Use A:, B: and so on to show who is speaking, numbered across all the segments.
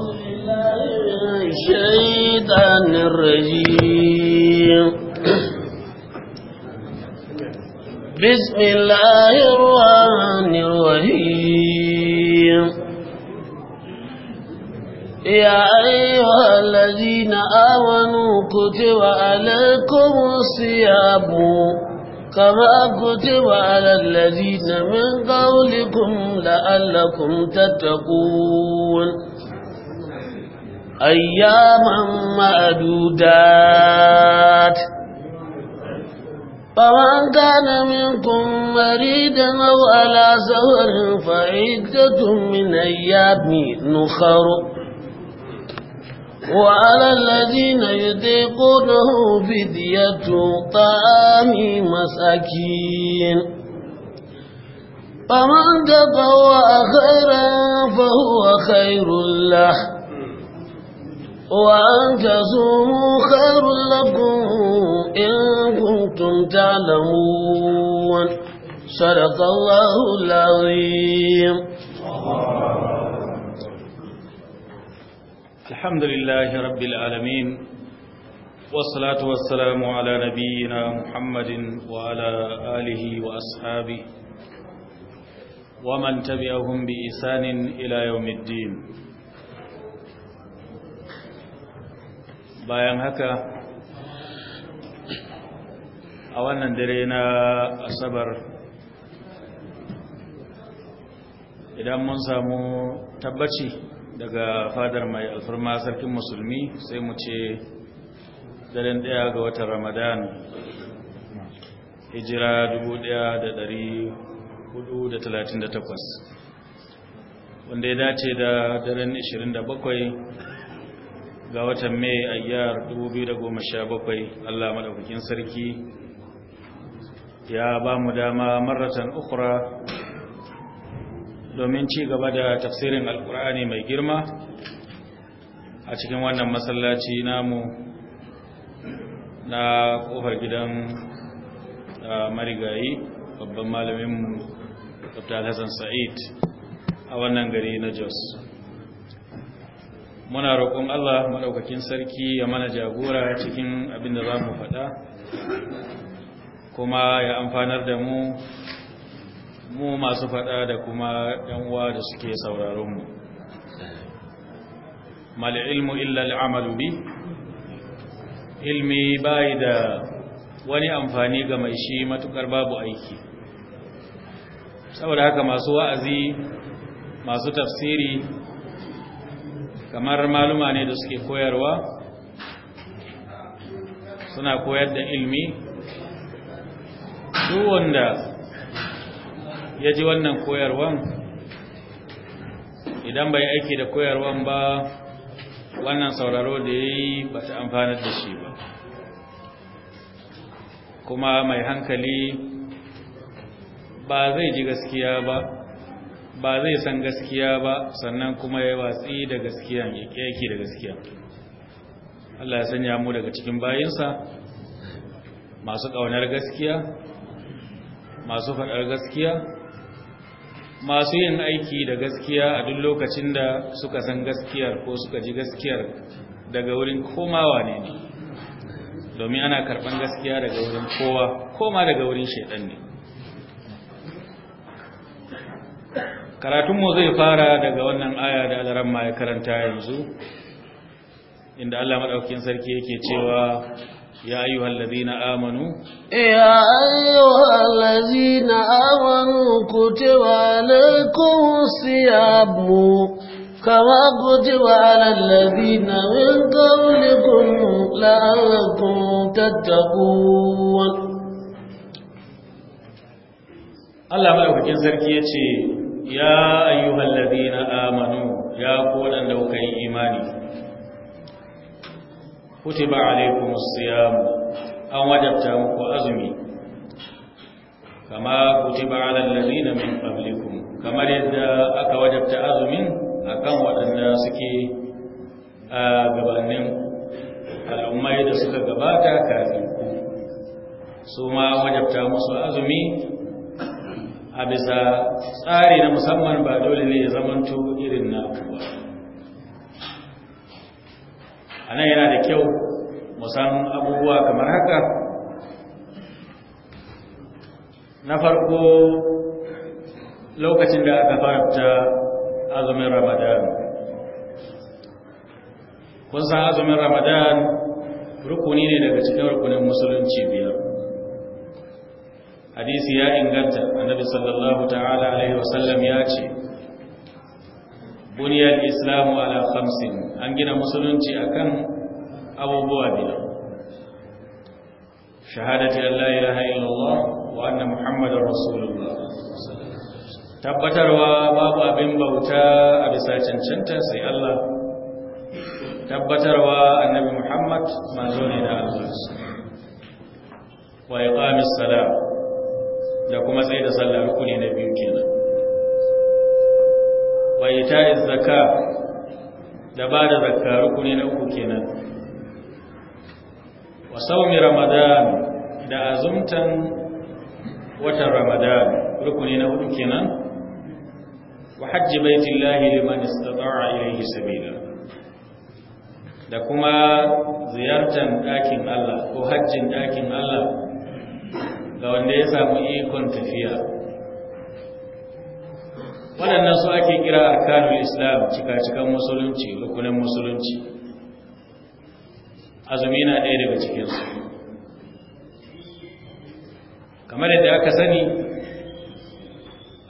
A: أعوذ بالله من الشيطان الرجيم بسم الله الرحمن الرحيم يا أيها الذين آمنوا كتب عليكم الصيام كما كتب على الذين من قولكم لعلكم تتقون أياما معدودات فمن كان منكم مريدا أو على سهر فعدة من أيام نخر وعلى الذين يطيقونه فدية طعام مساكين فمن تطوع خيرا فهو خير له وأنجزوا خير لكم إن كنتم تعلمون صدق الله
B: العظيم الحمد لله رب العالمين والصلاة والسلام على نبينا محمد وعلى آله وأصحابه ومن تبعهم بإحسان إلى يوم الدين bayan haka a wannan dare na asabar idan mun samu tabbaci daga fadar mai alfarma sarkin musulmi sai mu ce daren daya ga watan ramadan hijira 1438 wanda ya dace da daren 27 ga watan mai ayyar 2017 Allah madaukakin sarki ya ba mu dama maratan ukura domin ci gaba da tafsirin alkur'ani mai girma a cikin wannan masallaci namu na kofar gidan marigayi babban malamin mu dr hassan sa'id a wannan gari na jos muna roƙon Allah maɗaukakin sarki ya mana jagora cikin abin da za mu faɗa kuma ya amfanar da mu mu masu faɗa da kuma uwa da suke sauraron mu. Mali ilmu illa al'amalu bi ilmi bai da wani amfani ga mai shi matukar babu aiki saboda haka masu wa'azi masu tafsiri kamar maluma ne da suke koyarwa suna koyar da ilmi duk wanda ya ji wannan koyarwan idan bai aiki da koyarwan ba wannan sauraro da ya yi ba ta amfana da shi ba kuma mai hankali ba zai ji gaskiya ba ba zai san gaskiya ba sannan kuma ya watsi da gaskiya ya kyaki da gaskiya Allah ya sanya mu daga cikin bayinsa masu ƙaunar gaskiya masu faɗar gaskiya
A: masu yin aiki da gaskiya a duk lokacin da suka san gaskiyar ko suka
B: ji gaskiyar daga wurin komawa ne ne domin ana karɓar gaskiya daga wurin kowa koma daga wurin shaidan ne
C: karatunmu zai fara
B: daga wannan aya da alaran ma ya karanta yanzu inda Allah madaukakin sarki yake cewa ya ayyuhal ladina amanu
A: ya ayyuhal ladina amanu kutiba alaykum siyabu kama kutiba alal ladina min qablikum la'allakum
B: tattaqun Allah madaukakin sarki yace ya ayyuhal ladina amanu ya ku wadanda kuka yi imani kutiba alaikumus siyam an wajabta muku azumi kama kutiba alal ladina min qablikum kamar yadda aka wajabta azumin akan wadanda suke a gabanin al'ummai da suka gabata kafin su ma wajabta musu azumi a bisa tsari na musamman ba dole ne ya zamanto irin na kuwa a nan yana da kyau musamman abubuwa kamar haka na farko lokacin da aka ta azumin ramadan kun san azumin ramadan rukuni ne daga cikin rukunin musulunci biyar hadisi ya inganta annabi sallallahu ta'ala alaihi wasallam ya ce buniyar islamu ala khamsin an gina musulunci akan abubuwa biyar shahadati la ilaha illallah wa anna muhammadar rasulullah tabbatarwa babu abin bauta a bisa cancanta sai Allah tabbatarwa annabi muhammad manzo ne da Allah wa iqamis salat da kuma tsaye da sallah rukuni na biyu kenan wa ita'iz zakka da ba da zakka rukuni na uku kenan wa sawmi ramadan da azumtan watan ramadan rukuni na hudu kenan wa hajji baitillahi liman istata'a ilayhi sabila da kuma ziyartar ɗakin Allah ko hajjin dakin Allah ga wanda ya samu ikon tafiya waɗannan su ake kira kanun islam cika-cikan musulunci rukunin musulunci azumi na ɗaya daga cikinsu kamar yadda aka sani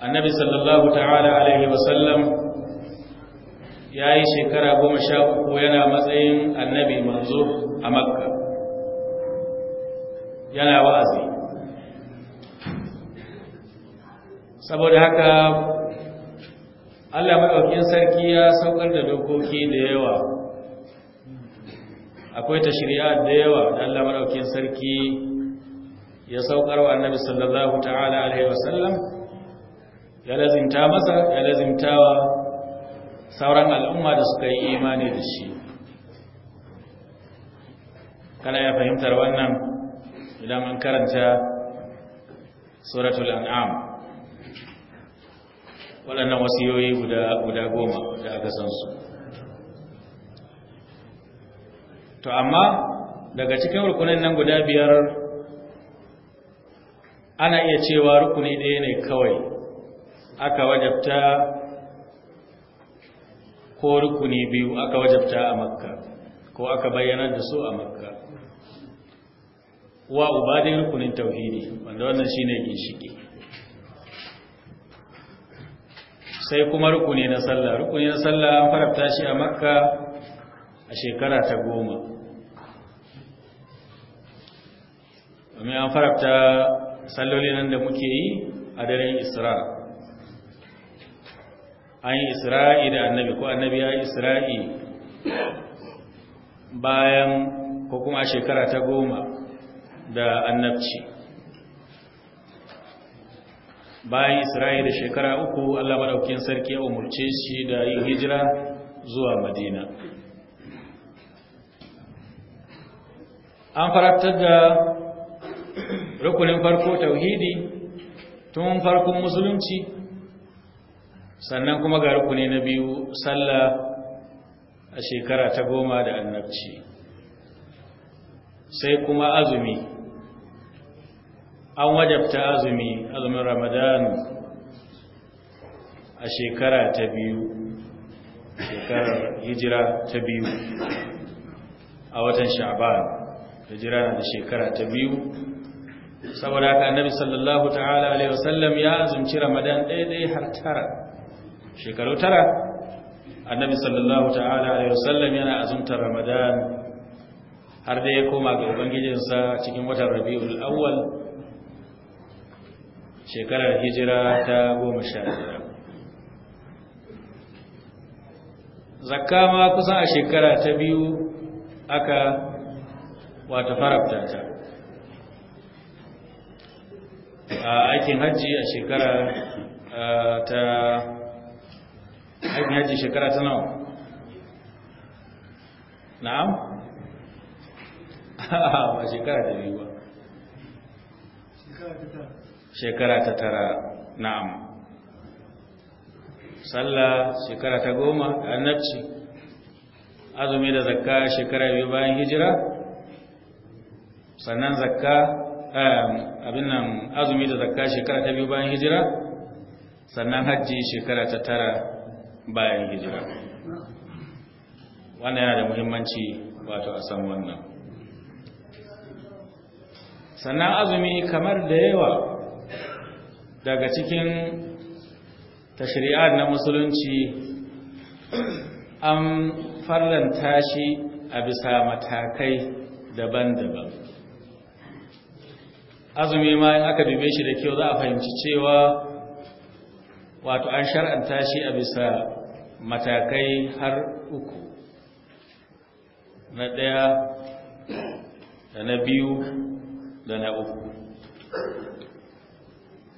B: annabi sallallahu ta'ala alaihi wasallam ya yi shekara goma sha uku yana matsayin annabi manzo a makka yana wa'azi saboda haka Allah maɗaukin sarki ya saukar da dokoki da yawa akwai ta shirya da yawa da Allah maɗaukin sarki ya saukar wa annabi sallallahu ta'ala alaihi wasallam ya lazimta masa ya lazimtawa sauran al'umma da suka yi imani da shi kana ya fahimtar wannan idan an karanta suratul an'am waɗannan wasiyoyi guda goma da aka san su to amma daga cikin rukunin nan guda biyar ana iya cewa rukuni ɗaya ne kawai aka wajabta ko rukuni biyu aka wajabta a makka ko aka bayyanar da su a makka wa uba rukunin tauhidi wanda wannan shine ginshiki sai kuma rukuni na sallah rukuni na sallah an farabta shi a makka a shekara ta goma domin an farabta salloli nan da muke yi a daren isra an yi isra'i da annabi ko annabi ya yi isra'i bayan ko kuma a shekara ta goma da annabci bayan Isra'il da shekara uku Allah maɗaukin sarki ya umarce shi da yin hijira zuwa Madina an farantar da rukunin farko tauhidi tun farkon musulunci sannan kuma ga rukuni na biyu sallah a shekara ta goma da annabci sai kuma azumi an wajabta azumi azumin ramadan a shekara ta biyu shekarar hijira ta biyu a watan sha'ban hijira na da shekara ta biyu saboda haka annabi sallallahu ta'ala alaihi wasallam ya azumci ramadan ɗaya ɗaya har tara shekaru tara annabi sallallahu ta'ala alaihi wasallam yana azumtar ramadan har da ya koma ga ubangijinsa cikin watan rabi'ul awwal shekarar hijira ta goma sha biyar zakka ma kusan a shekara ta biyu aka wata farafta ta a aikin hajji a shekara ta aikin hajji shekara ta nawa na'am a shekara ta biyu ba shekara ta shekara ta tara na'am sallah shekara ta goma da annabci azumi da zakka shekara biyu bayan hijira sannan zakka ehm, abin nan azumi da zakka shekara ta biyu bayan hijira sannan hajji shekara ta tara bayan hijira wannan yana da muhimmanci wato a san wannan sannan azumi kamar da yawa daga cikin tashri'ar na musulunci an farlanta shi a bisa matakai daban-daban azumi ma in aka dube shi da kyau za a fahimci cewa wato an shar'anta shi a bisa matakai har uku na ɗaya da na biyu da na uku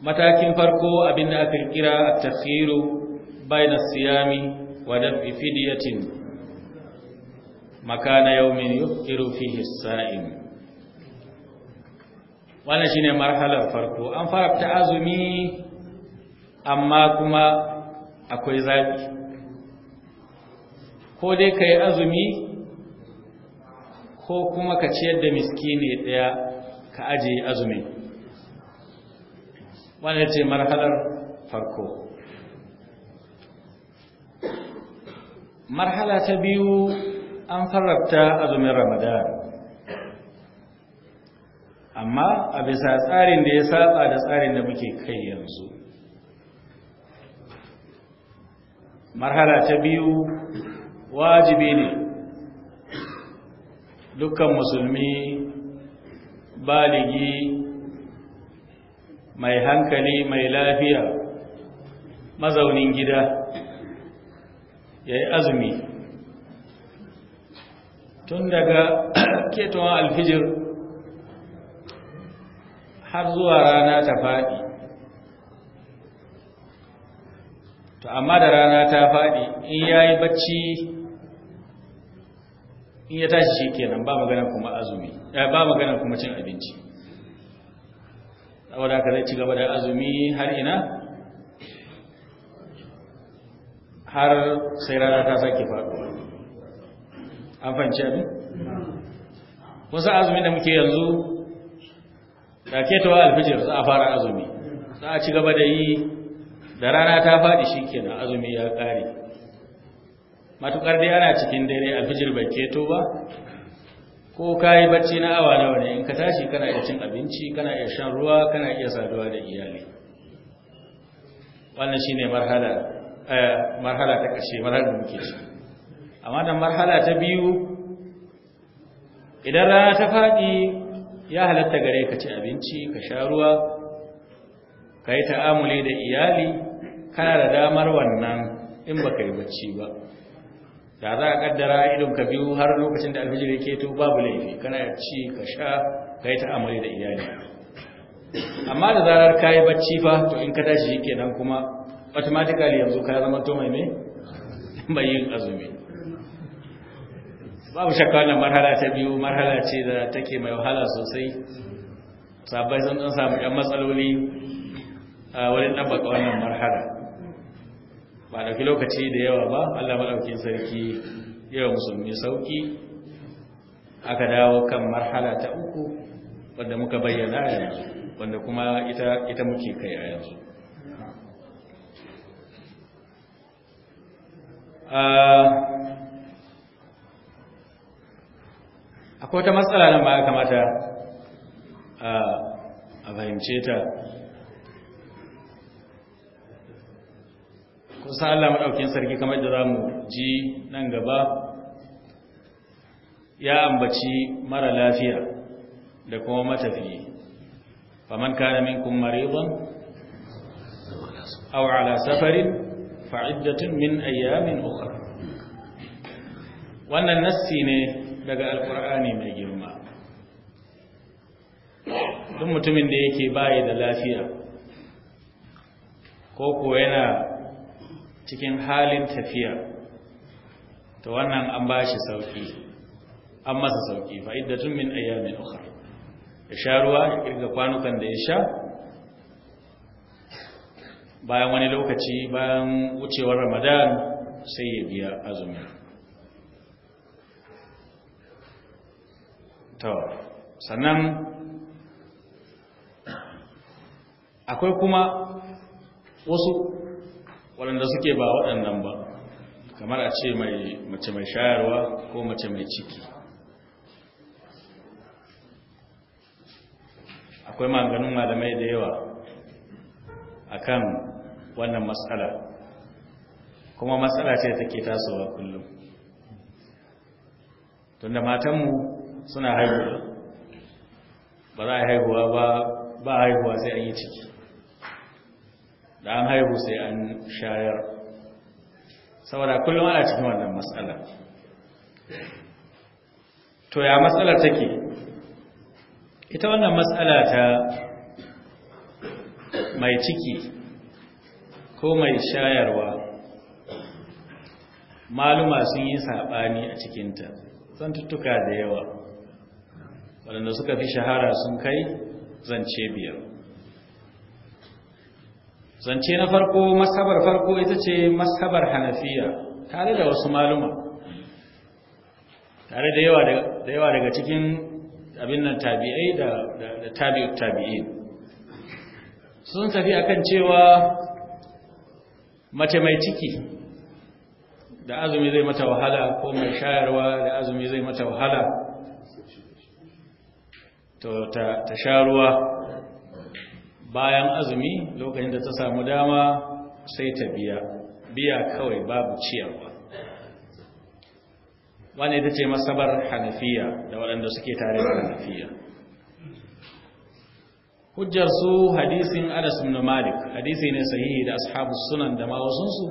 B: matakin farko abin da aka kira at-takhiru bayna siyami wa daf'i fidyatin makana yawmin yuqiru fihi as-sa'im wannan shine marhalar farko an fara ta azumi amma kuma akwai zafi ko dai kai azumi ko kuma ka ciyar da miskini daya ka aje azumi wanda ce marhalar farko marhala ta biyu an farabta azumin ramadan amma a bisa tsarin da ya saba da tsarin da muke kai yanzu marhala ta biyu wajibi ne dukkan musulmi baligi mai hankali mai lafiya mazaunin gida ya yi azumi tun daga ketowar alfijir har zuwa rana ta faɗi to amma da rana ta faɗi in ya yi bacci in ya tashi shi kenan ba magana kuma azumi eh, ba magana kuma cin abinci saboda ka zai ci gaba da azumi har ina har sai rana ta sake faɗo an fahimci abin wasu azumi da muke yanzu da ketawa alfijir za a fara azumi za a ci gaba da yi da rana ta faɗi shi kenan azumi ya ƙare matuƙar dai ana cikin dare alfijir bai keto ba ko ka yi bacci na awa nawa ne in ka tashi kana iya cin abinci kana iya shan ruwa kana iya saduwa da iyali wannan shi marhala eh, marhala ta kashe marhala da muke shi. amma da marhala ta biyu idan rana ta faɗi ya halatta gare ka ci abinci ka sha ruwa ka yi ta'amuli da iyali kana da damar wannan in ba ka yi bacci ba da za a kaddara idon ka biyu har lokacin da alfijir yake to babu laifi kana ci ka sha ka yi ta'amari da iyali amma da zarar ka yi bacci fa to in ka tashi kenan kuma automatically yanzu ka zama to mai mai yin azumi babu shakka wannan marhala ta biyu marhala ce da take mai wahala sosai sabai sun samu ɗan matsaloli a wurin ɗabbaka wannan marhala ba ɗauki lokaci da yawa ba allah madaukin sarki yawa musulmi sauki aka dawo kan marhala ta uku Wanda muka bayyana yanzu wanda kuma ita, ita muke kai a yanzu akwai wata matsala nan ba ya kamata a fahimce ta kusa Allah maɗaukin sarki kamar da za mu ji nan gaba ya ambaci mara lafiya da kuma matafiye faman kana minkum maridan aw ala safarin fa'iddatun min ayyamin ukhra wannan nassi ne daga alkur'ani mai girma duk mutumin da yake bayi da lafiya ko ko yana cikin halin tafiya to wannan an ba shi sauki an masa sauki fa'idatun min ayyamin ukhra ya sha ruwa ya kirga kwanukan da ya sha bayan wani lokaci bayan wucewar ramadan sai ya biya azumi to sannan akwai kuma wasu waɗanda suke ba waɗannan ba kamar a ce mace mai shayarwa ko mace mai ciki akwai maganin malamai da yawa a kan wannan matsala kuma matsala ce take tasowa kullum tunda matanmu suna haihuwa ba za a haihuwa ba haihuwa sai an yi ciki da an haihu sai an shayar saboda kullum ana cikin wannan matsala to ya matsala take ita wannan matsala ta mai ciki ko mai shayarwa maluma sun yi saɓani a cikinta tuttuka da yawa waɗanda suka fi shahara sun kai zance biyar zance na farko masabar farko ita ce masabar hanafiya tare da wasu maluma tare da yawa daga cikin abin nan tabi'ai da tabi'ut tabi'i sun tafi akan cewa mace mai ciki da azumi zai mata wahala ko mai shayarwa da azumi zai mata wahala ta sha ruwa bayan azumi lokacin da ta samu dama sai ta biya biya kawai babu ciyarwa wani ita ce masabar hanafiya da waɗanda suke tare da hanafiya hujjar su hadisin anas ibn malik hadisi ne sahihi da ashabu sunan da ma wasunsu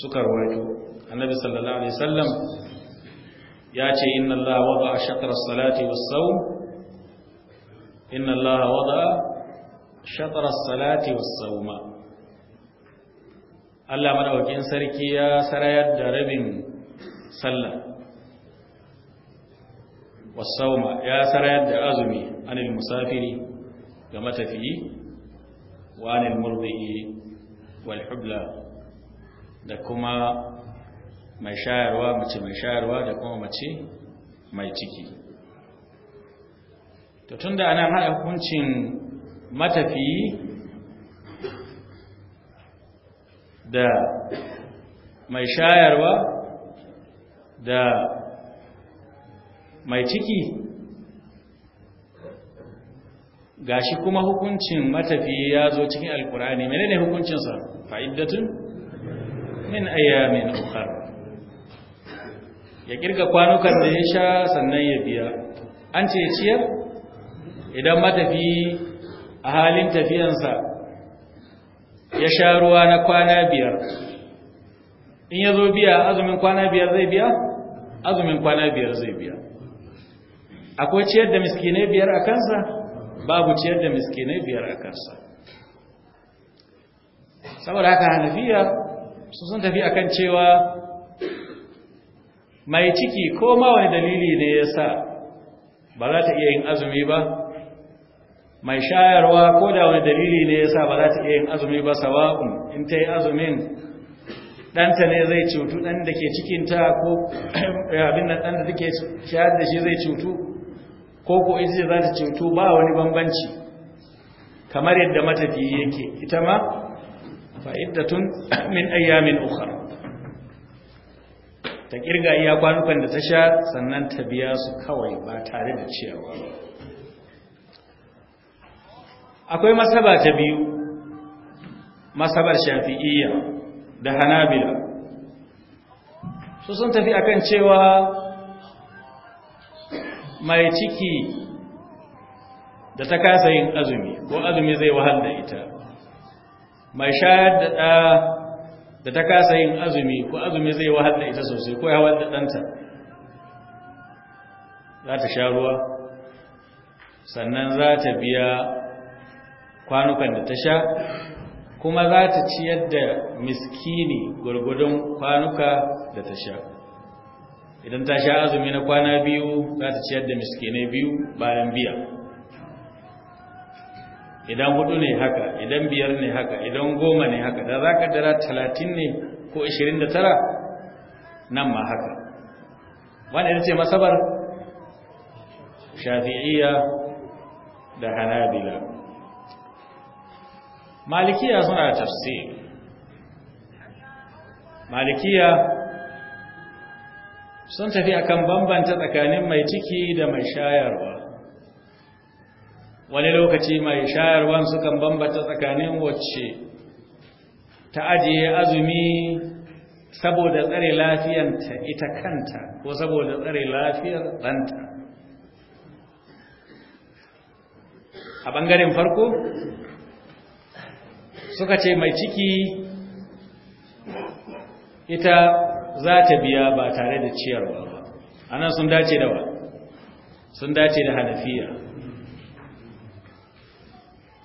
B: suka rawaito annabi sallallahu alaihi wasallam ya ce inna allaha wada'a shatra as-salati was-sawm inna allaha wada'a shatarar salati wasauma Allah madaukakin sarki ya sarayar da rabin sallah wasauma ya sarayar da azumi anil musafiri ga matafiyi wa anil murdi'i wal hubla da kuma mai shayarwa mace mai shayarwa da kuma mace mai ciki to da ana hada hukuncin matafiyi da mai shayarwa da mai ciki ga shi kuma hukuncin matafi ya zo cikin alkurani ne hukuncinsa fa’idatun min ayyamin ukar ya kirga kwanukan da ya sha sannan ya biya an ce ciyar idan matafi. a halin tafiyansa ya sha ruwa na kwana biyar in ya zo biya azumin kwana biyar zai biya azumin kwana biyar zai biya akwai ciyar da miskinai biyar a kansa babu ciyar da miskinai biyar a kansa saboda haka hanafiya su sun tafi akan cewa mai ciki ko ma wani dalili ne ya sa ba za ta iya yin azumi ba mai shayarwa ko da wani dalili ne yasa ba za ta iya yin azumi ba sawa'un in ta yi azumin ɗanta ne zai cutu ɗan da ke cikinta ko abin nan ɗan da take shayar da shi zai cutu ko ko ita za ta cutu ba wani bambanci kamar yadda matafiya yake ita ma fa'idatun min ayyamin ukhra ta kirga iya kwanukan da ta sha sannan ta biya su kawai ba tare da ciyarwa ba akwai masaba ta biyu masabar shafi'iyya da hanabila su sun tafi akan cewa mai ciki
A: da ta kasa yin azumi ko azumi zai
B: wahal da ita
A: mai shayar da ɗa
B: da ta kasa yin azumi ko azumi zai wahal da ita sosai ko ya wahal da ɗanta za ta sha ruwa sannan za ta biya kwanukan da ta sha kuma za ta ciyar da miskini gurgudun kwanuka da ta sha idan ta sha azumi na kwana biyu za ta ciyar da miskinai biyu bayan biya idan hudu ne haka idan biyar ne haka idan goma ne haka da za ka dara talatin ne ko ashirin da tara nan ma haka Wani ita ce masabar shafi'iyya da hanabila malikiya suna da tafsir malikiya sun tafi akan bambanta tsakanin mai ciki da mai shayarwa wani lokaci mai shayarwan sukan bambanta tsakanin wacce ta ajiye azumi saboda tsare lafiyanta ita kanta ko saboda tsare lafiyar ɗanta a ɓangaren farko suka ce mai ciki ita za ta biya ba tare da ciyarwa ba anan sun dace da wa sun dace da hanafiya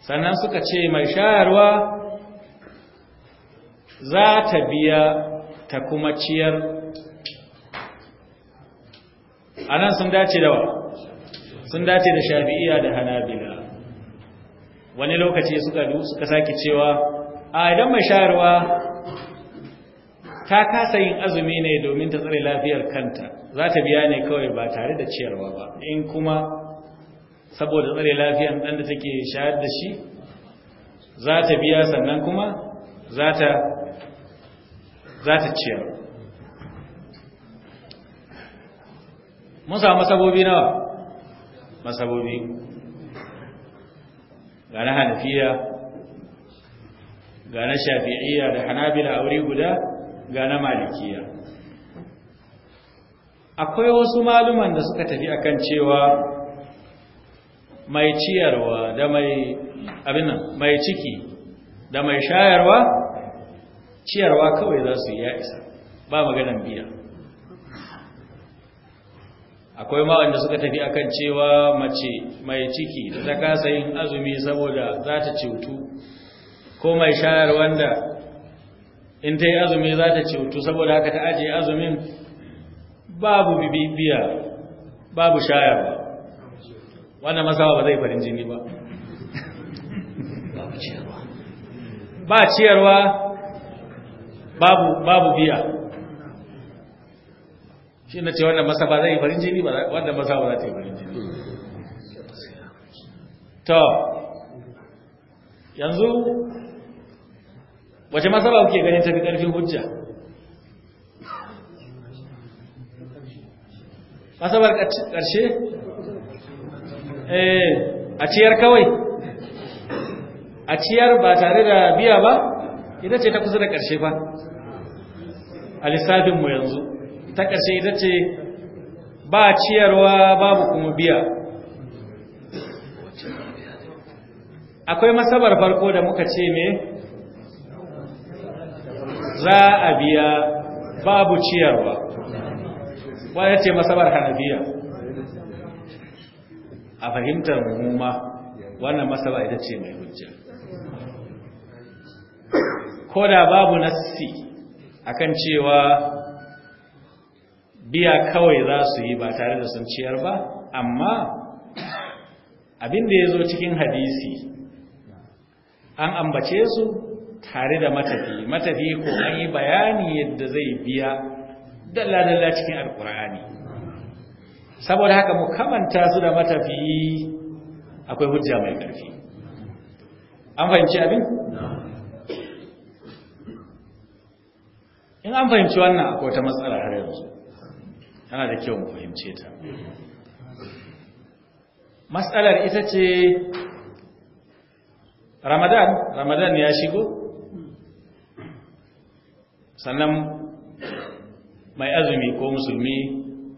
B: sannan suka ce mai shayarwa za ta biya ta kuma ciyar anan sun dace da wa sun dace da shafi'iya da hanabila wani lokaci suka suka sake cewa a idan mai shayarwa ta kasa yin azumi ne domin ta tsare lafiyar kanta za ta biya ne kawai ba tare da ciyarwa ba in kuma saboda tsare lafiyar ɗan da take shayar da shi za ta biya sannan kuma za ta ciyar mun samu masabobi nawa masabobi ga na hanafiya ga na shafi'iyya da hanabila a wuri guda ga na malikiya akwai wasu maluman da suka tafi akan cewa mai ciyarwa da mai abinan mai ciki da mai shayarwa ciyarwa kawai za su yi ya isa ba maganan biya akwai ma wanda suka tafi akan cewa mace mai ciki da ta kasa yin azumi saboda za ta cutu ko mai shayar wanda in ta yi azumi za ta cutu saboda haka ta ajiye azumin babu bibiya babu shayar ba wannan masawa ba zai farin jini ba ba ciyarwa ba ciyarwa babu biya shi na ce wannan masa ba zai farin jini ba wannan masa ba za ta yi farin jini to yanzu wace masa ba kuke ganin fi ƙarfin hujja masabar ƙarshe eh, a ciyar kawai a ciyar ba tare da biya ba ita ce ta kusa da ƙarshe ba a lissafinmu yanzu ta ƙarshe ita ce ba ciyarwa babu kuma biya akwai masabar farko da muka ce me za a biya babu ciyarwa ya ce masabar hanabiya a fahimtar muma wannan masaba ita ce mai hujja ko da babu nassi akan cewa biya kawai za su yi ba tare da sun ciyar ba amma abinda ya zo cikin hadisi an ambace su tare da matafi matafi ko an yi bayani yadda zai biya dalla-dalla cikin alkur'ani saboda haka mukamanta su da matafi akwai hujja mai ƙarfi an fahimci abin? in an fahimci wannan akwai ta matsala har yanzu tana da kyau mu fahimce ta matsalar ita ce ramadan ramadan ya shigo sannan mai azumi ko musulmi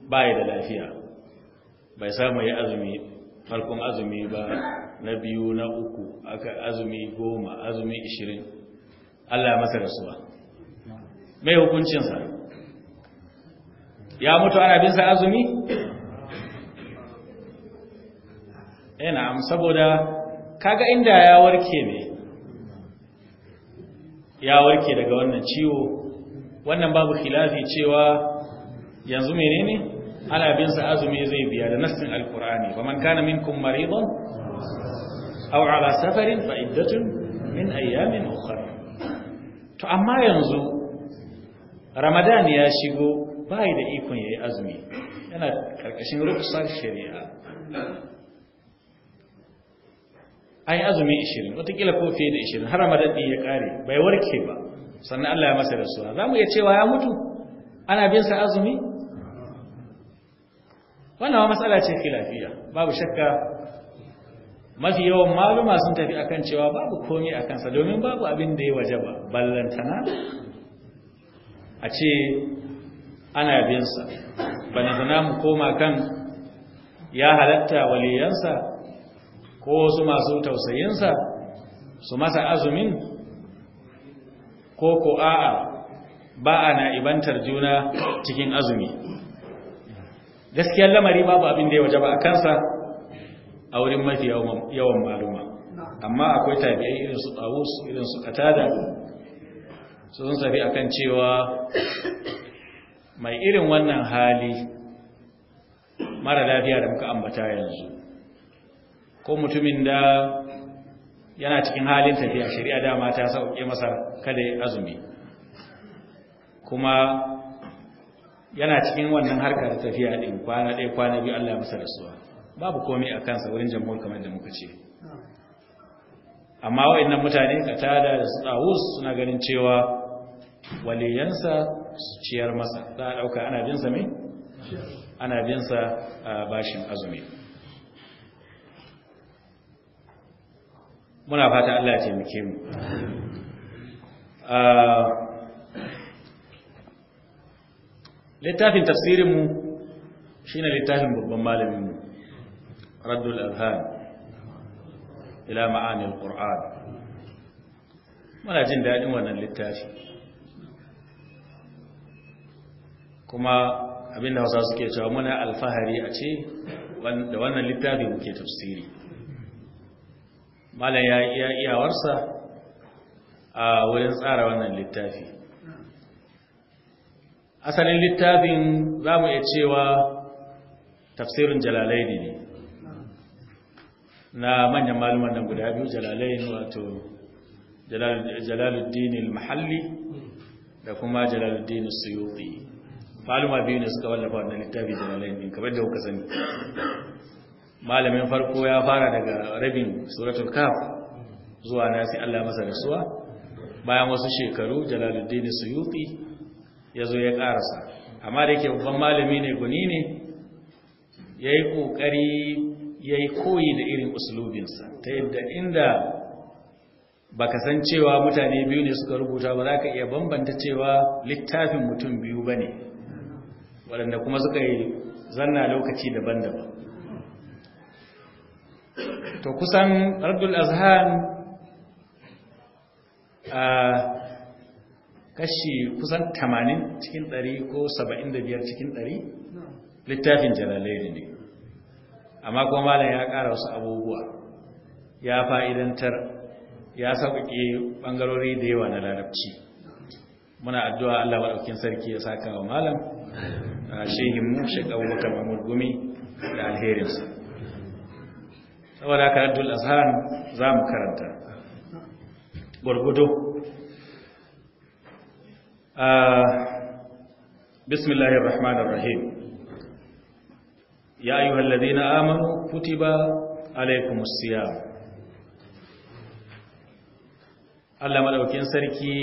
B: baya da lafiya bai samu ya azumi farkon azumi ba na biyu na uku aka azumi goma azumi ishirin allah ya masa rasuwa mai hukuncinsa ya mutu ana bin sa azumi ina eh, saboda kaga inda ya warke ne ya warke daga wannan ciwo wannan babu khilafi cewa yanzu menene ana bin sa azumi zai biya da nassin alqur'ani fa man kana minkum maridan aw ala safarin fa iddatun min ayamin ukhra to amma yanzu ramadan ya shigo ba yi da ikon ya yi azumi yana karkashin rukusar shari'a an yi azumi 20 watakila ko fiye da 20 har madadi ya kare bai warke ba sannan Allah ya masa rasuwa za mu iya cewa ya mutu ana bin sa azumi wannan ma matsala ce lafiya babu shakka mafi yawan maluma sun tafi akan cewa babu komai a kansa domin babu abin da ya waje ballantana a ce ana binsa bana zana mu koma kan ya halatta waliyansa ko wasu masu tausayinsa su masa azumin ko ko a'a ba a ibantar juna cikin azumi Gaskiya lamari babu abin da ya waje ba a kansa a wurin mafi yawan maluma amma akwai tabi'ai irin su tsawus irin su katada sun a akan cewa mai irin wannan hali mara lafiya da muka ambata yanzu ko mutumin da yana cikin halin tafiya shari'a dama ta sauke masa kada ya azumi kuma yana cikin wannan harkar tafiya din kwana ɗaya kwana biyu Allah ya masa rasuwa babu komai a kansa wurin jamhur kamar da muka ce amma wa'annan mutane katada da tsawus suna ganin cewa waliyansa ciyar masa za a ɗauka ana binsa mai ana binsa bashin azumi muna fata Allah ya taimake mu littafin tafsirinmu shi ne littafin babban malaminmu raddul azhar ila ma'anil qur'an muna jin daɗin wannan littafi kuma abinda hausa suke cewa muna alfahari a ce da wannan littafi muke tafsiri malam ya iya iyawarsa a wurin tsara wannan littafi asalin littafin za mu iya cewa tafsirin jalalaini ne na manyan maluman nan guda biyu jalalaini wato jalaluddin al-mahalli da kuma jalaluddin suyuti Faluma biyu ne suka wallafa wannan littafi jalalain din kamar da kuka sani malamin farko ya fara daga rabin suratul kaf zuwa nasi Allah masa rasuwa bayan wasu shekaru jalaluddin suyuti yazo ya karasa amma da yake babban malami ne guni ne yayi kokari yayi koyi da irin usulubinsa ta yadda inda baka san cewa mutane biyu ne suka rubuta ba za ka iya bambanta cewa littafin mutum biyu bane waɗanda kuma suka yi zanna lokaci daban-daban to kusan ardul azhan a kashi kusan 80 cikin 100 ko 75 cikin 100 littafin da ne amma kuma malam ya ƙara wasu abubuwa ya fa'idantar ya sauƙaƙe ɓangarori da yawa na larabci muna addu'a Allah maɗaukin sarki ya saka wa malam shehin mu shi wata mahmud gumi da alherinsa saboda karantul azhar za mu karanta A bismillahir rahmanir rahim ya ayyuhal ladina amanu kutiba alaikumus siyam Allah maɗaukin sarki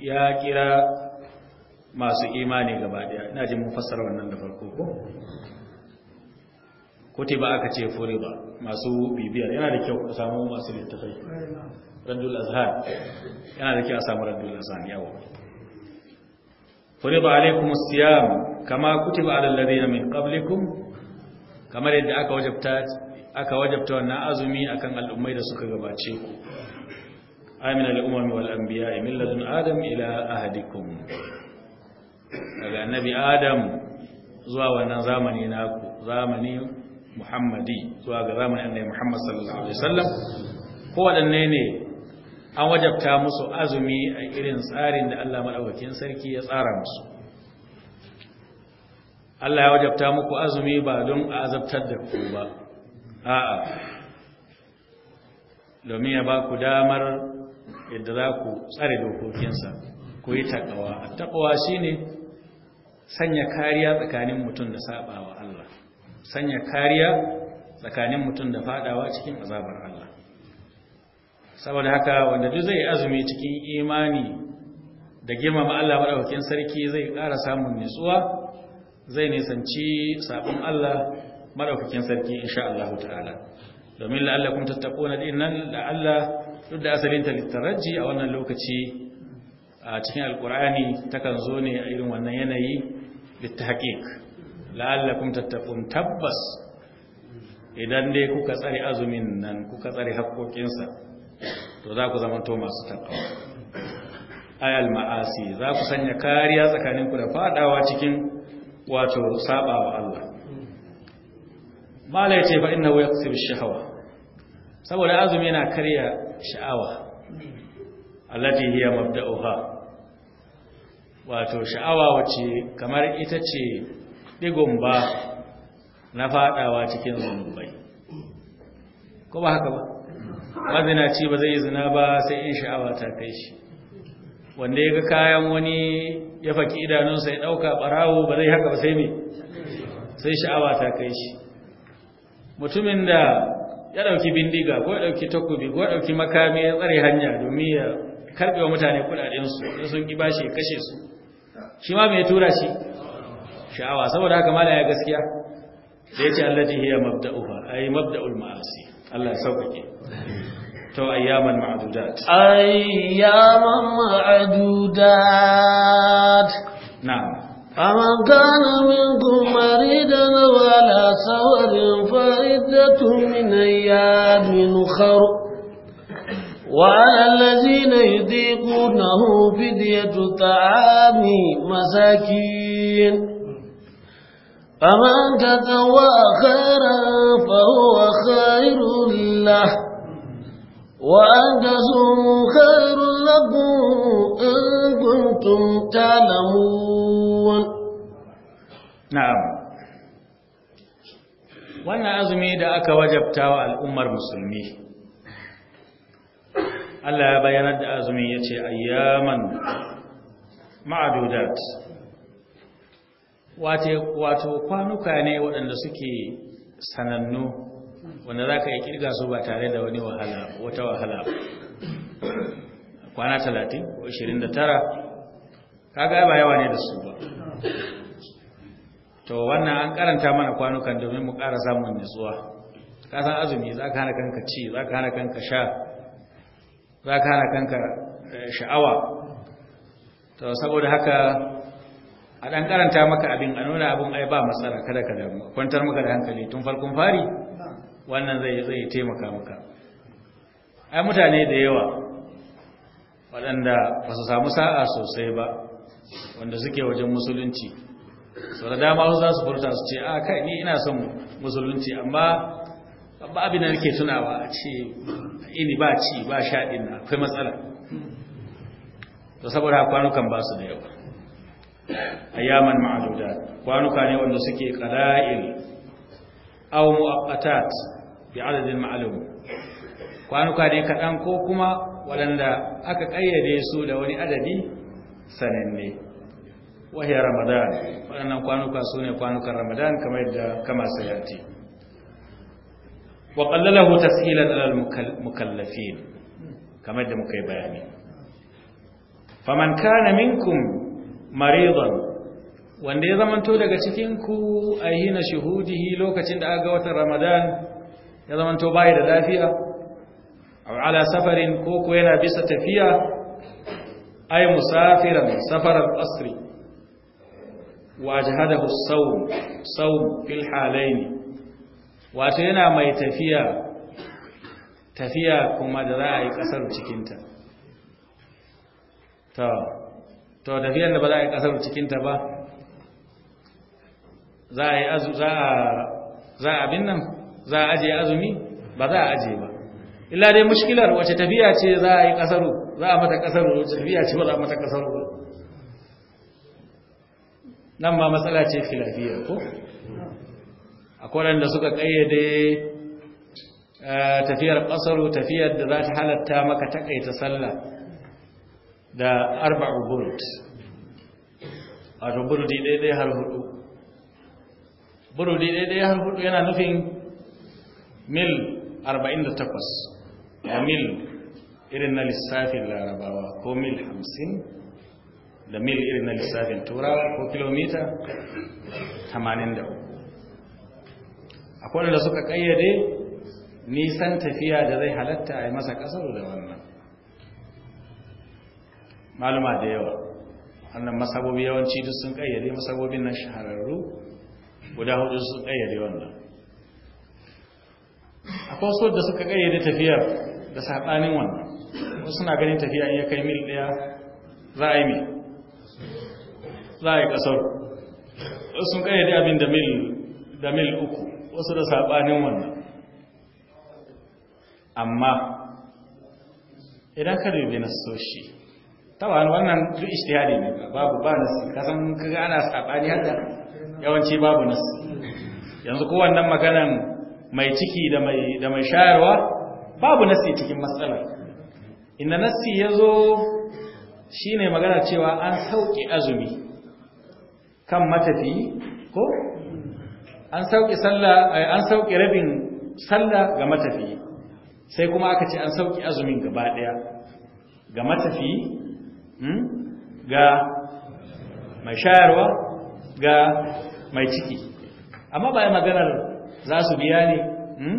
B: ya kira masu imani gaba daya ina ji mun fassara wannan da farko ko ba aka ce furiba masu bibiyar yana da kyau a samu masu littafai radul azhar yana da kyau a samu radul azhar yawa furiba alaikum siyam kama kutiba alal ladina min qablikum kamar yadda aka wajabta aka wajabta wannan azumi akan al'ummai da suka gabace ku amina al-umami wal anbiya min ladun adam ila ahadikum daga annabi adam zuwa wannan zamani naku zamani muhammadi zuwa ga zamani annabi muhammad sallallahu alaihi wasallam ko wadanne ne an wajabta musu azumi a irin tsarin da Allah madaukakin sarki ya tsara musu Allah ya wajabta muku azumi ba don a azabtar da ku ba a'a domin ya ba ku damar yadda za ku tsare dokokinsa ku yi takawa takawa shine sanya kariya tsakanin mutum da sabawa Allah sanya kariya tsakanin mutum da fadawa cikin azabar Allah saboda haka wanda duk zai azumi cikin imani da girmama Allah madaukakin sarki zai ƙara samun nutsuwa zai nisanci sabon Allah madaukakin sarki insha Allah ta'ala domin la'allakum tattaquna dinnan la'alla duk da asalin ta littaraji a wannan lokaci a cikin alkur'ani takan zo ne a irin wannan yanayi littahqiq la'allakum tattaqun tabbas idan dai kuka tsare azumin nan kuka tsare haƙoƙinsa to za ku zama to masu taqwa ayal ma'asi za ku sanya kariya tsakaninku da faɗawa cikin wato saba wa Allah mala ce fa innahu yaqsibu shahawa saboda azumi yana karya sha'awa allati hiya mabda'uha wato sha'awa wace kamar ita ce digon ba na fadawa cikin zunubai ko ba haka ba mazinaci ba zai yi zina ba sai in sha'awa ta kai shi wanda ya ga kayan wani ya faki idanunsa ya ɗauka ɓarawo ba zai haka ba sai me sai sha'awa ta kai shi mutumin da ya ɗauki bindiga ko ya ɗauki takobi ko ya ɗauki makami ya tsare hanya domin ya karɓe wa mutane kuɗaɗensu da sun ƙi bashi ya kashe su shi ma mai tura shi sha'awa saboda haka mala ya gaskiya da yace allati hiya mabda'uha ay mabda'ul ma'asi Allah sauƙaƙe to ayyaman ma'dudat ayyaman
A: ma'dudat na'am فمن كان منكم مريدا وعلى سور فعدة من أيام أخر وعلى الذين يذيقونه فدية طعام مساكين فمن تطوى خيرا فهو خير له وأن تصوموا خير لكم إن كنتم تعلمون
B: نعم wannan azumi da aka wajabta wa al'ummar musulmi Allah ya bayanar da azumi ya ce ayyaman ma'adudat wato kwanuka ne waɗanda suke sanannu wanda za ka yi ƙirga su ba tare da wani wahala wata wahala kwana talatin ko ashirin da tara kaga ba yawa ne da su ba to wannan an karanta mana kwanukan domin mu ƙara samun nutsuwa kasan azumi za ka hana kanka ci za ka hana kanka sha za ka hana kanka eh, sha'awa ta saboda haka a ɗan karanta maka abin a nuna abin ai ba matsala kada ka damu kwantar maka da hankali tun farkon fari wannan zai zai taimaka maka ai mutane da yawa waɗanda ba su samu sa'a sosai ba wanda suke wajen musulunci sau da dama za su furta su ce a kai ni ina son musulunci amma ba abin da nake tunawa a ce ini ba ci ba sha din akwai matsala to saboda kwanukan ba su da yawa ayyaman ma'aduda kwanuka ne wanda suke qala'il aw mu'aqqatat bi adadin ma'lum kwanuka ne kaɗan ko kuma waɗanda aka kayyade su da wani adadi sananne ya ramadan waɗannan kwanuka su ne kwanukan ramadan kamar yadda kama sayati wa qallalahu tashilan alal mukallafin kamar da muka bayani faman kana wanda ya zamanto daga cikin ku hina shuhudihi lokacin da aka ga watan Ramadan ya zamanto bai da lafiya A ala safarin ko ko yana bisa tafiya Ai musafiran safarar asiri. wa ajhadahu as fil halayn wato yana mai tafiya tafiya kuma da za a yi ƙasar cikinta to to tafiyar da ba za a yi ƙasar cikinta ba za a yi azu za a za a abin nan za a aje azumi ba za a aje ba illa dai mushkilar wace tafiya ce za a yi ƙasaru za a mata ƙasaru wace tafiya ce ba za a mata ƙasaru ba nan ma matsala ce filafiya ko akwai wanda suka kayyade eh, tafiyar kasaru tafiyar da za ta halatta maka takaita sallah da arba'u burd wato burdi daidai har hudu burdi daidai har hudu yana nufin mil 48 da mil irin na lissafin larabawa ko mil 50 da mil irin na lissafin turawa ko kilomita 83 akwai da suka kayyade nisan tafiya da zai halatta a yi masa kasar da wannan maluma da yawa wannan masabobi yawanci duk sun kayyade masabobin nan shahararru guda hudu sun kayyade wannan akwai wasu da suka kayyade tafiyar da saɓanin wannan wasu suna ganin tafiya in ya kai mil ɗaya za a yi mil za a yi ƙasar sun kayyade abin da mil uku wasu da saɓanin wannan amma idan ka dubi na soshi tawan wannan duk ishtihadi ne babu ba nasu kasan kaga ana saɓani hada yawanci babu nasu yanzu ko wannan maganan mai ciki da mai shayarwa babu nasi cikin matsalar inda nasi shi shine magana cewa an sauƙi azumi kan matafi ko an sauƙi sallah eh, an rabin sallah ga matafi, sai kuma aka ce an sauƙi azumin gaba daya ga matafi, hmm? ga mai shayarwa ga mai ciki amma ba maganar za su biya ne hmm?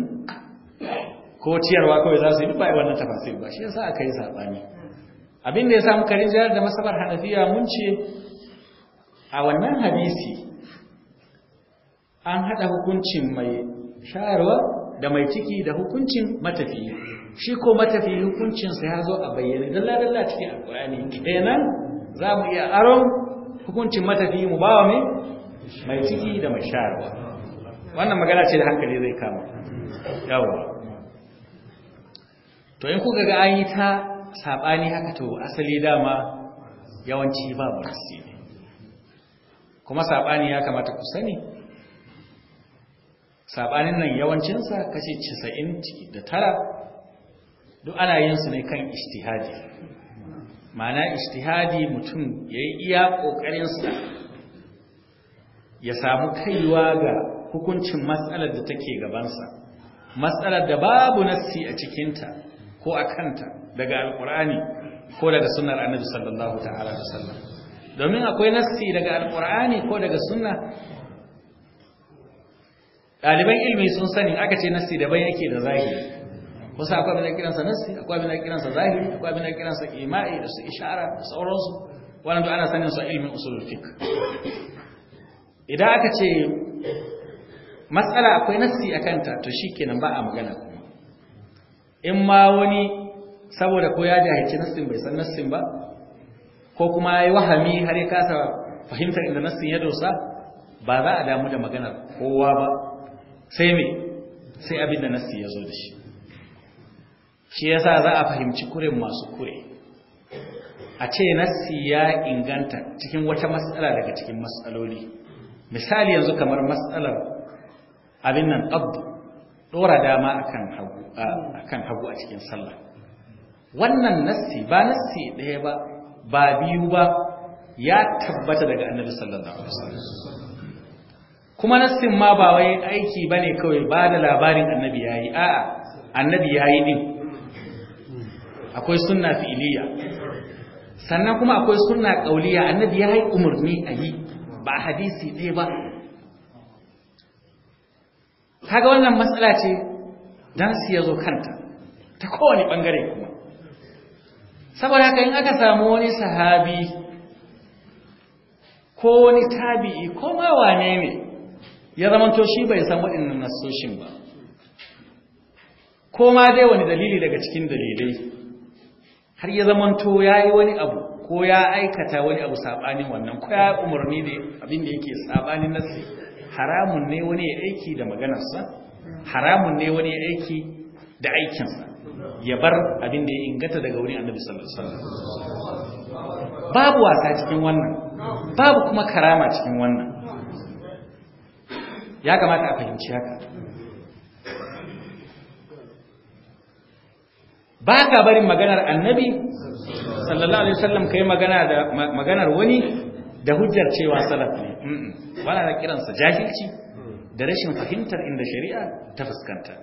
B: ko ciyarwa kawai za su yi ba wannan tafasir ba shi yasa aka yi sabani abin da ya samu karin jayar da masabar hanafiya mun ce a wannan hadisi an haɗa hukuncin mai shayarwa da mai ciki da hukuncin matafi. shi ko matafiya hukuncinsa ya zo a bayyane dalla-dalla cikin alƙwani kenan za mu iya aron hukuncin matafi mu bawa mai mai ciki da mai shayarwa wannan magana ce da hankali zai kama yawa to in kuka ga an yi ta saɓani haka to asali dama yawanci babu rasi kuma saɓani ya kamata ku sani sabanin nan yawancinsa kashi 99 duk ana yin su ne kan ishtihadi, ma'ana ishtihadi mutum ya yi iya kokarinsa ya samu kaiwa ga hukuncin matsalar da take gabansa matsalar da babu nassi a cikinta ko a kanta daga alkur'ani ko daga sunar annabi sallallahu ta'ala da sallallahu domin akwai nassi daga alkur'ani ko daga sunna ɗaliban ilmi sun sani aka ce nassi daban yake da zahiri wasu akwai abin da kiransa nassi akwai abin da kiransa zahiri akwai abin da kiransa ima'i da su ishara da sauransu wannan duk ana sanin su ilimin usulul fiqh idan aka ce matsala akwai nassi kanta to shikenan ba a magana kuma in ma wani saboda ko ya jahilci nassin bai san nassin ba ko kuma yi wahami har ya kasa fahimtar inda nassin ya dosa ba za a damu da maganar kowa ba sai me sai abin da nassi ya zo da shi shi yasa za a fahimci kure masu kure a ce nassi ya inganta cikin wata matsala daga cikin matsaloli misali yanzu kamar matsalar abin nan qabdu dora dama akan hagu hagu a cikin sallah wannan nasi ba nasi ɗaya ba ba biyu ba ya tabbata daga annabi sallallahu alaihi wasallam kuma nassin ma ba wai aiki ba kawai ba da labarin annabi ya yi a'a annabi ya yi akwai sunna fi'iliya sannan kuma akwai sunna ƙauliya annabi ya yi umarni a yi ba hadisi ɗaya ba kaga wannan matsala ce dan su yazo kanta ta kowane ɓangare kuma saboda haka in aka samu wani sahabi ko wani tabi'i ko ma wane ne ya zamanto shi bai san waɗannan nasoshin ba ko ma dai wani dalili daga cikin dalilai har ya zamanto ya yi wani abu ko ya aikata wani abu saɓanin wannan ko ya umarni da abin da yake saɓanin nasi haramun ne wani ya aiki da maganarsa haramun ne wani ya aiki da aikinsa ya bar abin da ya ingata daga wani annabi sallallahu alaihi wasallam babu wasa cikin wannan babu kuma karama cikin wannan ya kamata a fahimci haka ba ka barin maganar annabi sallallahu alaihi wasallam kai magana da maganar wani da hujjar cewa salaf ne wala da kiransa jahilci da rashin fahimtar inda shari'a ta fuskanta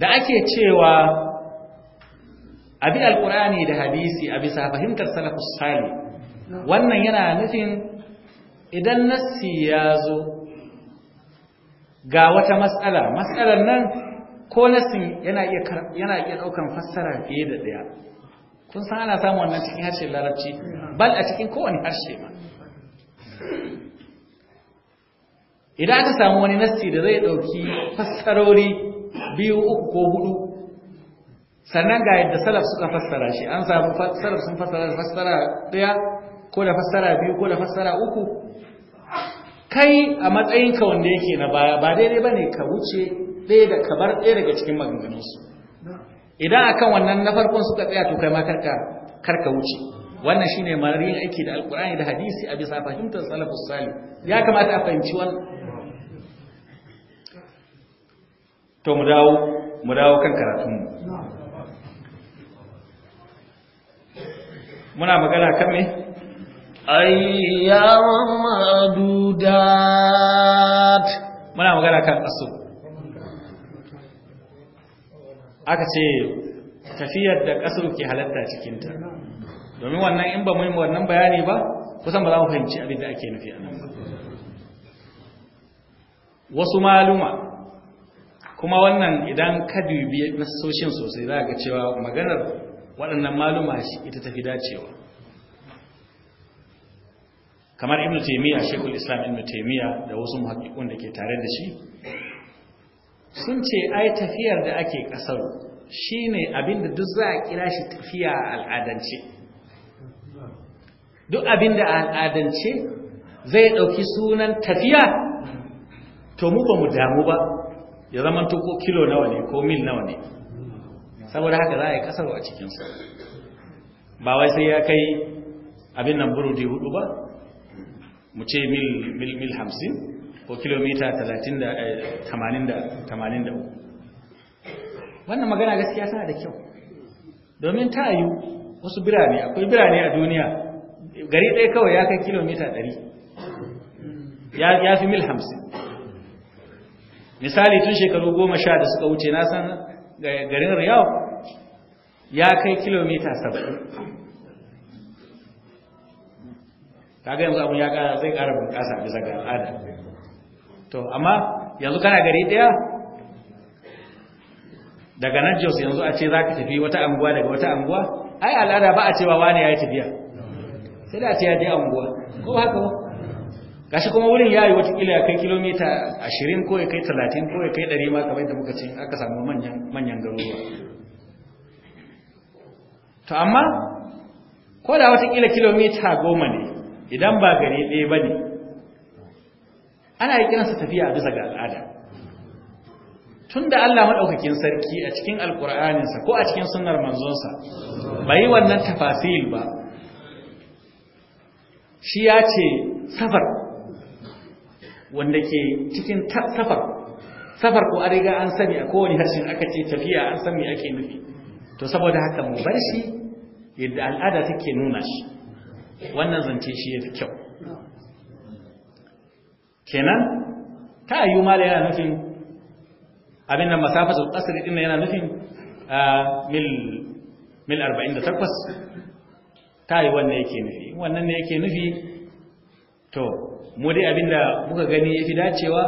B: da ake cewa abi alqur'ani da hadisi a bisa fahimtar salafus salih wannan yana nufin idan nassi ya zo ga wata matsala matsalar nan ko nassi yana iya ɗaukan daukan fassara fiye da daya kun san ana samun wannan cikin harshen larabci bal a cikin kowane harshe ma idan aka samu wani nassi da zai dauki fassarori biyu uku ko hudu sannan ga yadda salaf suka fassara shi an samu salaf sun fassara fassara daya ko da fassara biyu ko da fassara uku
C: kai a matsayinka
B: wanda yake na baya ba daidai bane ka wuce ɗaya da kabar ɗaya daga cikin maganganunsu idan akan wannan na farkon suka tsaya to kai ma karka karka wuce wannan shine ma'anar yin aiki da alkur'ani da hadisi a bisa fahimtar salafus salih ya kamata a fahimci wannan to mu dawo mu dawo kan mu muna magana kan me ayyawan ma'adudat muna magana kan asu aka ce tafiyar da kasar ke halatta cikinta domin wannan in ba mu yi wannan bayani ba kusan ba za mu fahimci abin da ake nufi a nan wasu maluma kuma wannan idan ka dubi nasoshin sosai za ga cewa maganar waɗannan maluma ita tafi dacewa kamar ibn taymiya shekul islam ibn taymiya da wasu muhaddiqun da ke tare da shi sun ce ai tafiyar da ake kasar shine abinda duk za a kira shi tafiya a al'adance duk abinda a al'adance zai dauki sunan tafiya to mu ba mu damu ba ya zama to ko kilo nawa ne ko mil nawa ne saboda haka za a yi kasar a sa ba wai sai ya kai abin nan burudi hudu ba mu ce mil mil mil hamsin ko kilomita talatin da eh, tamanin da tamanin da uku wannan magana gaskiya tana da kyau domin ta yi wasu birane akwai birane a duniya gari ɗaya kawai ya kai kilomita ɗari ya fi mil hamsin misali tun shekaru goma sha da suka wuce na san garin riyau ya kai kilomita saba'in kaga yanzu abun ya kara zai kara bunƙasa bisa ga al'ada to amma yanzu kana gari daya daga nan Jos yanzu a ce ka tafi wata anguwa daga wata anguwa ai al'ada ba a cewa wani yi tafiya sai da ce ya je anguwa ko haka ba gashi kuma wurin ya wata kila ya kai kilomita 20 ko ya kai 30 ko ya kai 100 ma kamar yadda muka ce aka samu manyan manyan garuruwa to amma ko da wata kila kilomita 10 ne idan ba gari ɗaya ba ne ana yi kiransa tafiya a bisa ga al'ada tun da Allah maɗaukakin sarki a cikin alkur'aninsa ko a cikin sunar manzonsa bai yi wannan tafasil ba shi ya ce safar wanda ke cikin safar safar ko an riga an sani a kowane harshen aka ce tafiya an sami ake nufi to saboda haka mu bar shi yadda al'ada take nuna shi wannan zance shi ya fi kyau kenan ta ayyu mala yana nufin abin nan masafatul ɗin din yana nufin mil mil 48 ta yi wannan yake nufi wannan ne yake nufi to mu dai da muka gani ya fi dacewa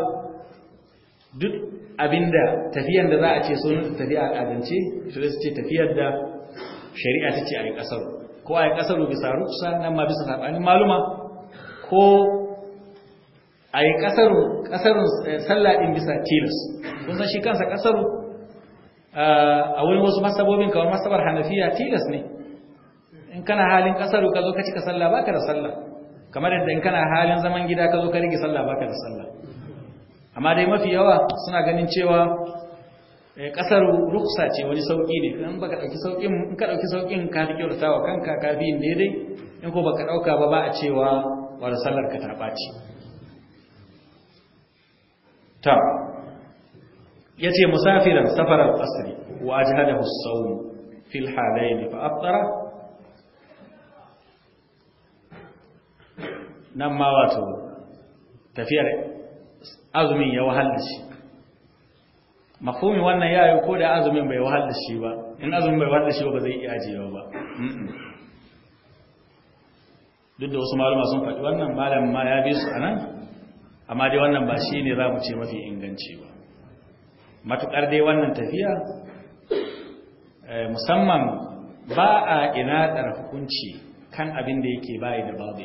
B: duk abin da tafiyar da za a ce sunan tafiya a kadance su ce tafiyar da shari'a ta ce a yi ƙasar. ko a yi ƙasar bisa ruksa nan ma bisa saɓanin maluma ko a yi ƙasarun eh, sallaɗin bisa tilas kun san shi kansa ƙasaru eh, a wurin wasu masabobin kamar masabar hanafiya tilas ne in kana halin ƙasaru ka zo ka cika sallah baka da sallah kamar yadda in kana halin zaman gida ka zo ka rige sallah baka da sallah amma dai mafi yawa suna ganin cewa kasar eh, ruksa ce wani sauki ne in baka dauki saukin in ka dauki saukin ka kyautata kanka ka bi daidai in ko baka dauka ba ba a cewa wala sallar ka ta ta yace musafiran safarar asri wa ajhadahu as-sawm fil halayn fa aftara nan ma wato tafiyar azumin ya wahal shi makomi wannan ya yayo ko da azumin bai wahal da shi ba in azumin bai wahal da shi ba zai iya ajiyewa ba duk da wasu malama sun faɗi wannan malam ma ya bi su a nan, amma dai wannan ba shi ne za mu ce mafi inganci ba matuƙar dai wannan tafiya eh, musamman ba a inaɗar hukunci kan abin da yake bayi da babu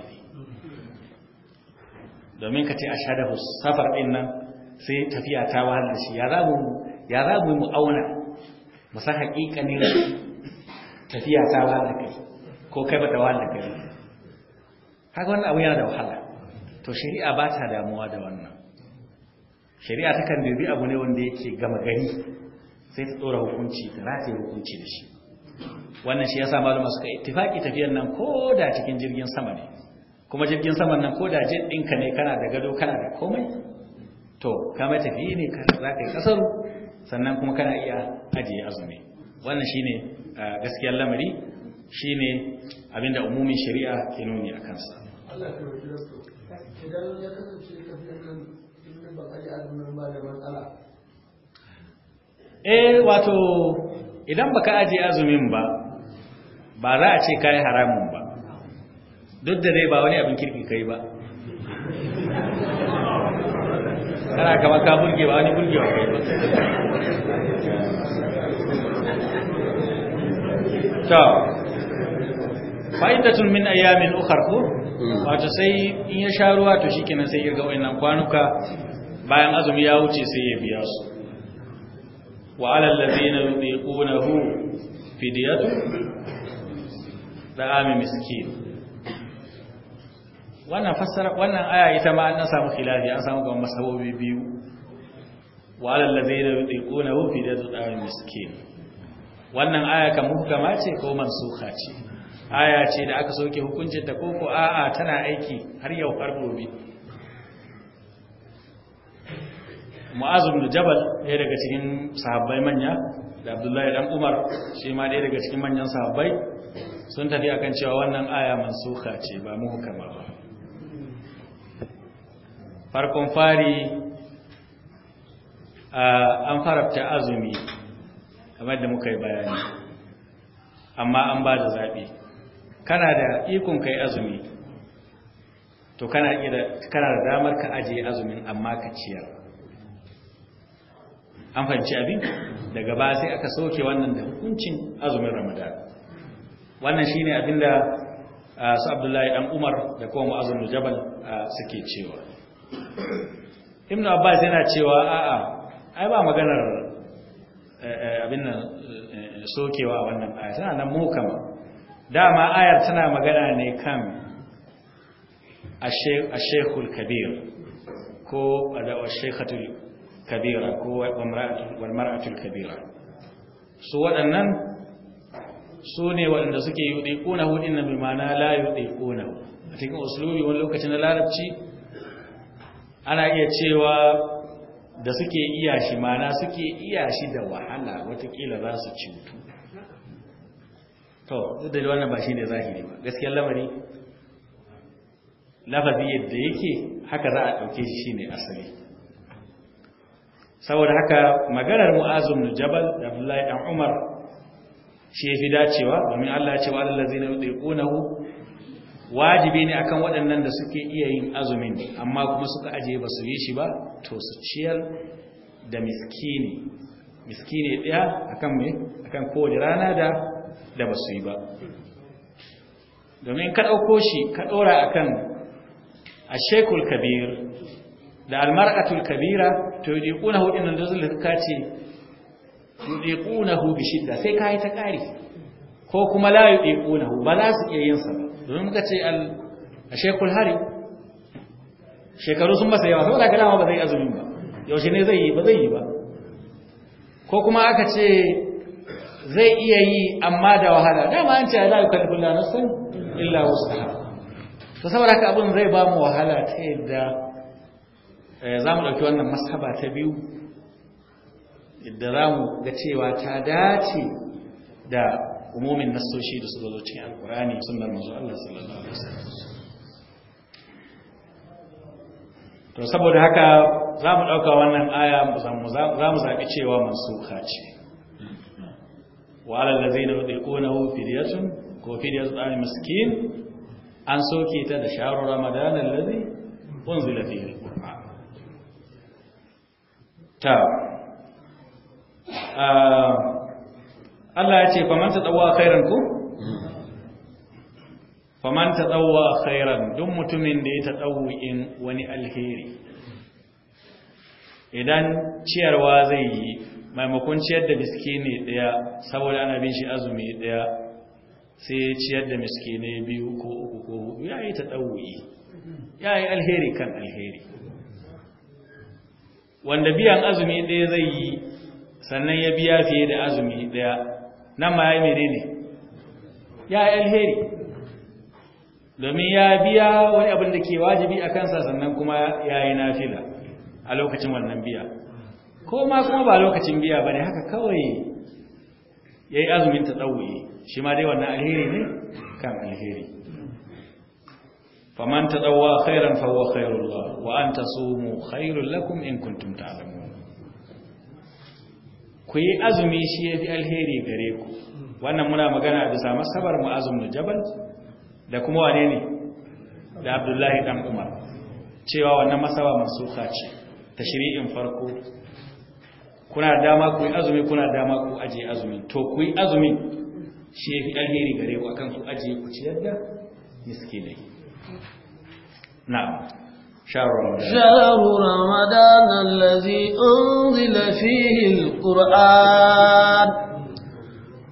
B: domin ka ce a shaɗa safar ɗin nan sai tafiya ta wahala shi ya za mu ya za mu auna mu haƙiƙa hakikanin tafiya ta wahala kai ko kai bata wahala kai haka wannan abu yana da wahala to shari'a ba ta damuwa da wannan shari'a ta kan dubi abu ne wanda yake gama gari sai ta tsora hukunci ta rataye hukunci da shi wannan shi yasa malama suka ittifaki tafiyar nan ko da cikin jirgin sama ne kuma jirgin saman nan ko da jet ɗinka ne kana da gado kana da komai to kama tafi ne za ka yi kasar sannan kuma kana iya ajiye azumi wannan shine gaskiyar lamari shi ne abinda umumin shari'a ke nuni a kansa eh wato idan baka ajiye azumin ba ba za a ce yi haramun ba duk da dai ba wani abin kirki kai ba
C: kana kama ka burge ba wani burgewa ba to
B: fa'idatun min ayyamin ukhar ko mm. wato sai in ya sha ruwa to shikenan sai ya ga wayannan kwanuka bayan azumi ya wuce sai ya biya su wa na ladina yuqunahu fidyatun da'am miskin wannan fassara wannan aya ita ma an samu khilafi an samu ga masabobi biyu wa alal ladzina yutiquna fi dadatin miskin wannan aya kan hukama ce ko mansuha ce aya ce da aka soke hukuncin ta koko a'a tana aiki har yau har gobe Mu'az ibn Jabal ɗaya daga cikin sahabbai manya da Abdullahi dan Umar shi ma ɗaya daga cikin manyan sahabbai sun tafi akan cewa wannan aya mansuha ce ba muhkama ba farkon fari an farabta azumi kamar da muka yi bayani amma an ba da zaɓi kana da ikon kai azumi to kana da damar ka ajiye azumin amma ka ciyar an fahimci abin daga ba sai aka soke wannan da hukuncin azumin ramadan wannan shine abinda su abdullahi dan umar da kuma azumin jabal suke cewa ibn abbas yana cewa a'a ai ba maganar eh, eh, abin nan eh, sokewa a wannan aya tana nan mukama dama ayar tana magana ne kan ashekul kabir ko ashekatul kabira ko mara'atul kabira su waɗannan su ne waɗanda suke yi ɗaiƙunahu ɗin na la yi ɗaiƙunahu a cikin usulubi wani lokacin na larabci ana iya cewa da suke iya shi mana suke iya shi da wahala watakila za su cutu to da wannan ba shi ne zahiri ba gaskiyar lamari lafazi yadda yake haka za a ɗauke shi ne asali saboda haka maganar mu'azum da jabal da abdullahi dan umar shi ya fi dacewa domin allah ya ce wa allazina yudiqunahu wajibi ne akan waɗannan da suke iya yin azumin amma kuma suka aje ba su yi shi ba to su ciyar da miskini miskini ɗaya akan me akan kowace rana da da ba su yi ba domin ka ɗauko shi ka ɗora akan shekul kabir da almar'atul kabira to yi yudiqunahu inna dazul kace yudiqunahu bi shidda sai yi ta ƙari ko kuma la yi yudiqunahu ba za su iya yin ba domin muka ce al shekul hari shekaru sun masa yawa saboda kana ba zai azumi ba yaushe ne zai yi ba zai yi ba ko kuma aka ce zai iya yi amma da wahala dama an ce kwalifin da la nafsan illa wus'aha Ta saboda haka abin zai ba mu wahala ta yadda eh, za mu ɗauki wannan masaba ta biyu yadda za mu ga cewa ta dace da umumin nassoshi da suka zo cikin alkurani sunnar manzo Allah sallallahu alaihi wasallam to saboda haka za mu ɗauka wannan aya za mu zaɓi cewa mansuka ce wa alal ladzina yudiqunahu fidyatun ko fidyatun ta'am miskin an soke ta da sharu ramadan allazi unzila fihi alquran ta ah, Allah ya ce faman a khairan ku faman a khairan duk mutumin da ya ta in wani alheri idan ciyarwa zai yi maimakon ciyar da ne daya saboda ana bin shi azumi daya sai ciyar da ne biyu ko uku ko hudu ya yi ta yi, ya yi alheri kan alheri wanda biyan azumi ɗaya zai yi sannan ya biya fiye da azumi ɗaya. nan ma ya yi menene ya yi alheri domin ya biya wani abin da ke wajibi a kansa sannan kuma ya yi nafila a lokacin wannan biya ko ma kuma ba lokacin biya ba ne haka kawai ya yi azumin ta tsawoye shi ma dai wannan alheri ne kan alheri faman ta tsawo khairan fawo khairullah wa an ta so mu khairun lakum in kuntum ku yi azumi shi ya fi alheri gare ku wannan muna magana bisa masabar mu da jabal da kuma wane ne da abdullahi dan umar cewa wannan masaba masu ce ta shiri'in farko kuna dama ku yi azumi kuna dama ku aje azumi to ku yi azumi shi ya fi alheri gare ku akan ku aje ku ciyar da miskinai Na. شهر
A: رمضان الذي أنزل فيه القرآن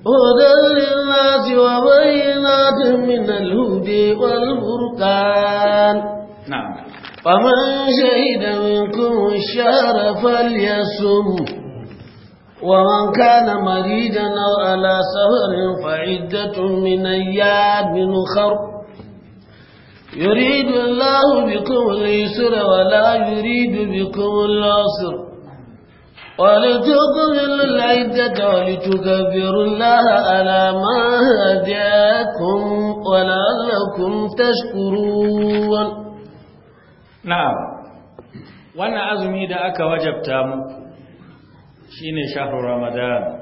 A: هدى للناس وبينات من الهدى والبركان نعم فمن شهد منكم الشهر فليصم ومن كان مريضا أو على سهر فعدة من أيام من خرق يريد الله بكم اليسر ولا يريد بكم العسر ولتكملوا العدة ولتكبر الله على ما هداكم ولعلكم تشكرون
B: نعم وانا ازمي da aka wajabta muku شهر رمضان ramadan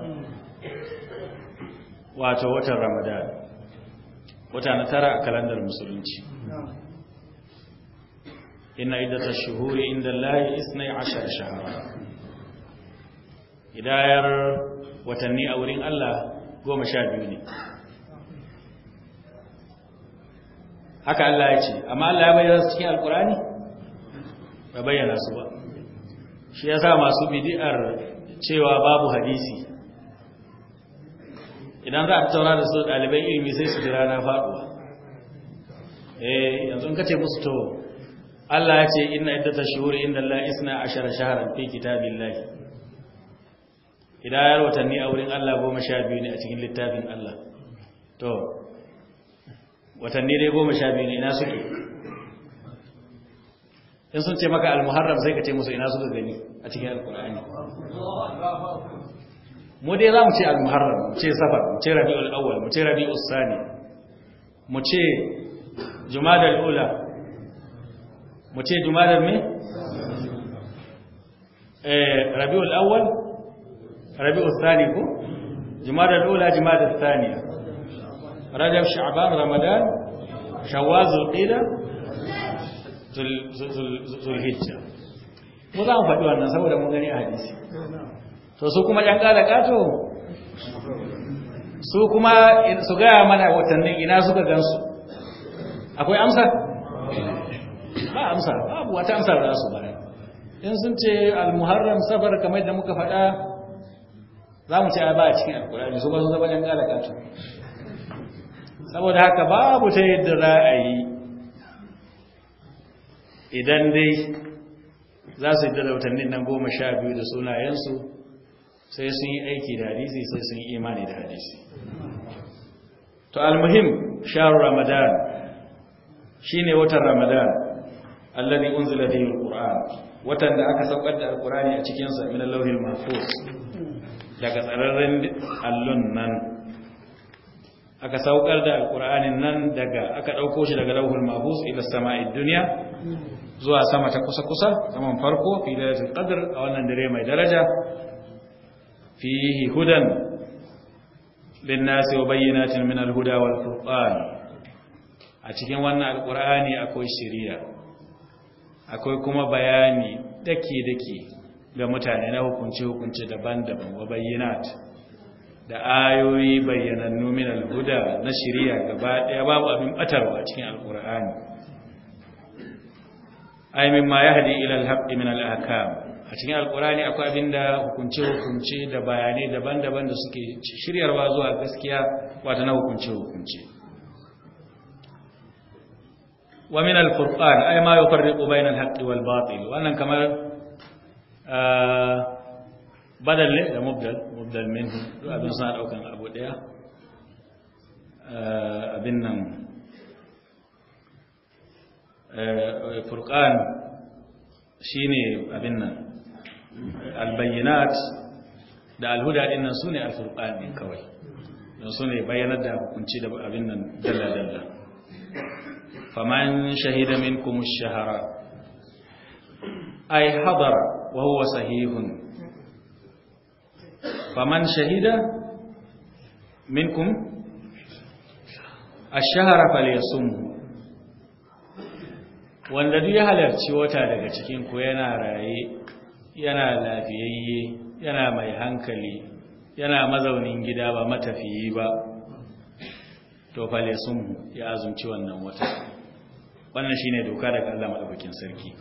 B: wato watan ramadan wata na tara إن عدة الشهور عند الله إثنى عشر شهرا إداير وتني أورين الله goma sha biyu ne haka Allah ya ce amma Allah ya bayyana su cikin alkurani ba bayyana su ba shi ya sa masu bidi'ar cewa babu hadisi idan za a tattauna da su ɗaliban ilimi sai su jira na faɗuwa eh yanzu kace musu to Allah ya ce inna iddata shuhuri inda Allah isna ashara shahran fi kitabillahi idayar watanni a wurin Allah goma sha biyu ne a cikin littafin Allah to watanni dai goma sha biyu ne ina suke in sun ce maka al-muharram sai ka ce musu ina suka gani a cikin alkur'ani mu dai za mu ce al-muharram mu ce safar mu ce rabi'ul awwal mu ce rabi'ul thani mu ce jumadar ula mu ce jumadar me? Eh, rabi awwal rabi sani ko? jumadar ula jumadar saniya rajab sha'ban ramadan shawwal zulqida zulhijja mu za mu faɗi wannan saboda mun gani a hadisi to su kuma ƴan ƙara ƙato su kuma su gaya mana watannin ina suka gansu akwai amsa ba amsa babu wata amsa da su ba in sun ce al-muharram safar kamar da muka faɗa za mu ce ba a cikin alkurani su ba su zaba kanta saboda haka babu ta yadda za a yi idan dai za su yi da watannin nan goma sha biyu da sunayensu sai sun yi aiki da hadisi sai sun yi imani da hadisi to almuhim sharu ramadan shine watan Ramadan alladhi unzila fihi alquran watan da aka saukar da alqurani a cikin sa min allahil mahfuz daga tsararren allon nan aka saukar da alqur'anin nan daga aka dauko shi daga lauhul mahfuz ila sama'i dunya zuwa sama ta kusa kusa saman farko fi lailatul qadr a wannan dare mai daraja fihi hudan للناس وبينات من الهدى والفرقان a cikin wannan alkur'ani akwai shari'a akwai kuma bayani dake-dake ga mutane na hukunce-hukunce daban-daban wa bayyanat da ayoyi bayyanannu min alhuda na shari'a gaba daya babu abin batarwa cikin alkur'ani ay mimma yahdi ila alhaqqi min alahkam a cikin alkur'ani akwai abinda hukunce-hukunce da bayanai daban-daban da suke shiryarwa zuwa gaskiya wato na hukunce-hukunce ومن القرآن أي ما يفرق بين الحق والباطل وأنا كما آه، بدل لي مبدل مبدل منه أبن صار أو كان أبو ديا آه، أبن آه، فرقان شيني أبن البينات دا الهدى إن سوني الفرقان من كوي سوني بينات دا كنتي أبن دلا دلا faman shahida minkum ash-shahra ay hadar wa huwa sahihun faman shahida minkum wanda duk ya halarci wata daga cikin ku yana raye yana lafiyayye yana mai hankali yana mazaunin gida ba matafiyi ba to fa ya azumci wannan wata wannan shi ne doka daga Allah maɗabakin sarki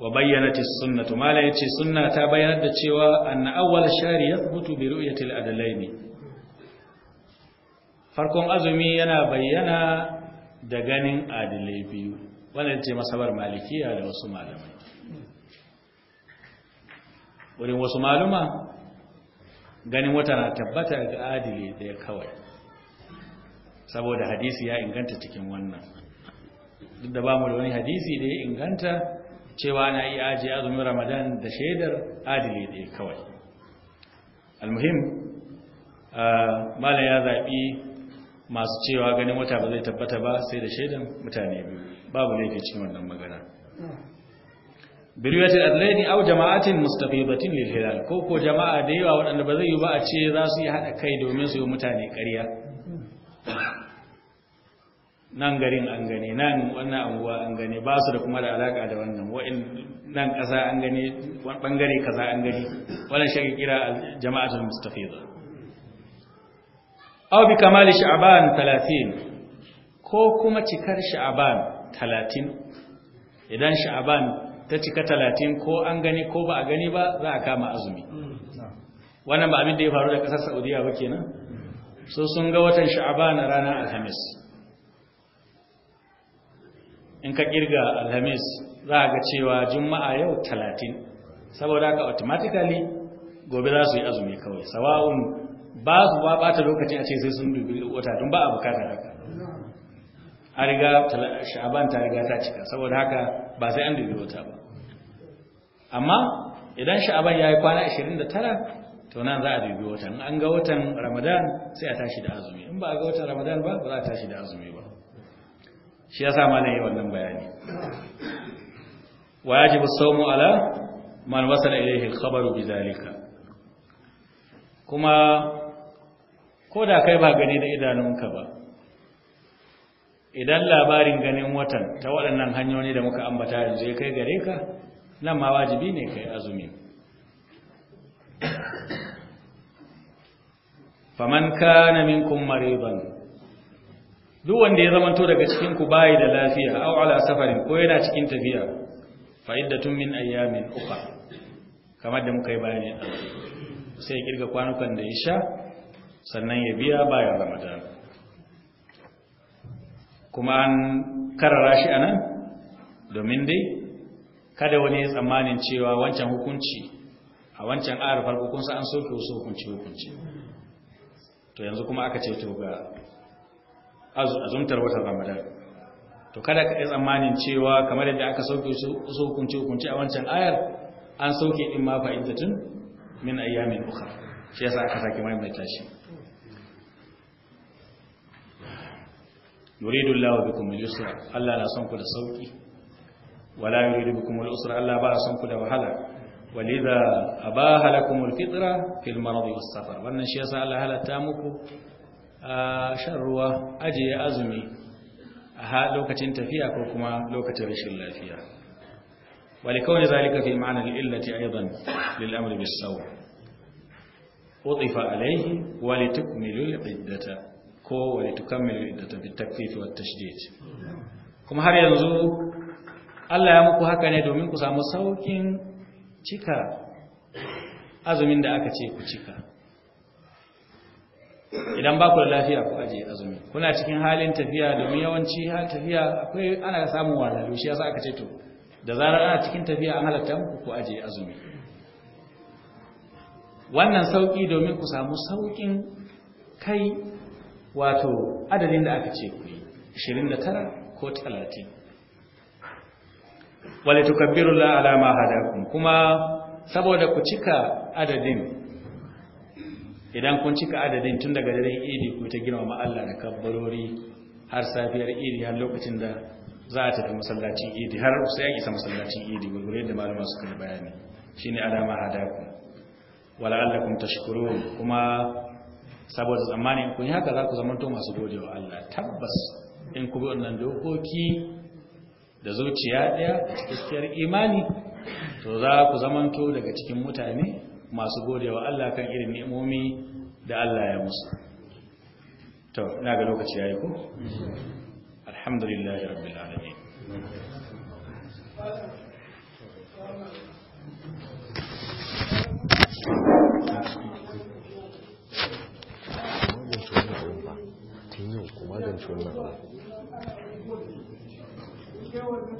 B: wa bayyanati sunnatu mala yace sunna ta bayyana da cewa anna awwal shari yathbutu bi ru'yati al-adlaini farkon azumi yana bayyana da ganin adilai biyu wannan ce masabar malikiya da wasu malamai wurin wasu maluma ganin wata na tabbata ga adili daya kawai saboda hadisi ya inganta cikin wannan duk da ba mu da wani hadisi da ya inganta cewa na yi aji azumin ramadan da shaidar adili ɗaya kawai almuhim malam ya zaɓi masu cewa ganin wata ba zai tabbata ba sai da shaidan mutane biyu babu laifi cikin wannan magana birwatul adlaini au jama'atin batin lil hilal ko ko jama'a da yawa waɗanda ba zai yi ba a ce za su yi haɗa kai domin su yi mutane ƙarya nan garin an gane nan wannan anguwa an gane ba su da kuma da alaka da wannan wa'in nan kasa an gane bangare kaza an gane wannan shi kira jama'atul mustafiza
A: aw bi kamal sha'ban 30
B: ko kuma cikar sha'ban 30 idan sha'ban ta cika 30 ko an gane ko ba a gane ba za a kama azumi wannan ba abin da ya faru da ƙasar Saudiya ba kenan so sun ga watan sha'ban ranar alhamis in ka kirga alhamis za a ga cewa juma'a yau talatin saboda haka automatically gobe za su yi azumi kawai sawa'un ba su ba bata lokacin a ce sai sun dubi wata don ba a bukatar haka a riga sha'aban ta riga ta cika saboda haka ba sai an dubi wata ba amma idan sha'aban ya yi kwana 29 to nan za a dubi wata. an ga watan ramadan sai a tashi da azumi in ba a ga watan ramadan ba ba za a tashi da azumi ba shi yasa mana yi wannan bayani wa yajibu sawmu ala man wasala ilayhi al bi zalika kuma da kai ba gani da idanunka ba idan labarin ganin watan ta waɗannan hanyoyi da muka ambata yanzu ya kai gare ka nan ma wajibi ne kai azumi faman kana minkum mariban duk wanda ya zamanto daga cikin ku bayi da lafiya au ala safarin ko yana cikin tafiya fa iddatun min ayyamin ukha kamar da muka yi bayani sai ya kirga kwanukan da ya sha sannan ya biya bayan ramadan kuma an karara shi anan domin dai kada wani ya tsammanin cewa wancan hukunci a wancan ayar farko kun an soke wasu hukunci hukunci to yanzu kuma aka ce to ga azumtar watan ramadan to kada ka yi tsammanin cewa kamar yadda aka sauke su hukunci hukunci a wancan ayar an sauke din ma fa'idatin min ayyamin ukhra shi yasa aka sake mai mai tashi yuridu Allahu bikum al-yusra Allah na son ku da sauki wala yuridu bikum al-usra Allah ba son ku da wahala walidha abaha lakum al-fitra fil marad was safar wannan shi yasa Allah halatta muku a shan ruwa ajiye azumi a ha lokacin tafiya ko kuma lokacin rashin lafiya wali kawai zai fi ma'anar illati aiban lil'amur bis sauwa ƙotifa alaihi wali tukmilul iddata ko wali tukammilul iddata fi takfifi wa tashdid kuma har yanzu Allah ya muku haka ne domin ku samu saukin cika azumin da aka ce ku cika idan ba ku da lafiya ku aje azumi kuna cikin halin tafiya domin yawanci halin tafiya akwai ana samun wahala shi yasa aka ce to da zarar ana cikin tafiya an halatta muku ku aje azumi wannan sauki domin ku samu saukin kai wato adadin da aka ce ku yi 29 ko 30 walitukabbiru la ala ma hadakum kuma saboda ku cika adadin idan kun cika adadin tun daga daren idi ku ta gina girmama Allah da kabbarori har safiyar idi har lokacin da za a tafi masallacin idi har sai ya isa masallacin idi gurgure da malama suka yi bayani shine alama hadaku wala allakum tashkurun kuma saboda zamanin kun yi haka za ku zamanto masu godewa Allah tabbas in ku bi wannan dokoki da zuciya daya da cikakkiyar imani to za ku zamanto daga cikin mutane masu gode wa Allah kan irin ni'imomi da Allah ya musu to ina ga lokaci yayi ko alhamdulillahi rabbil alamin
C: tun yau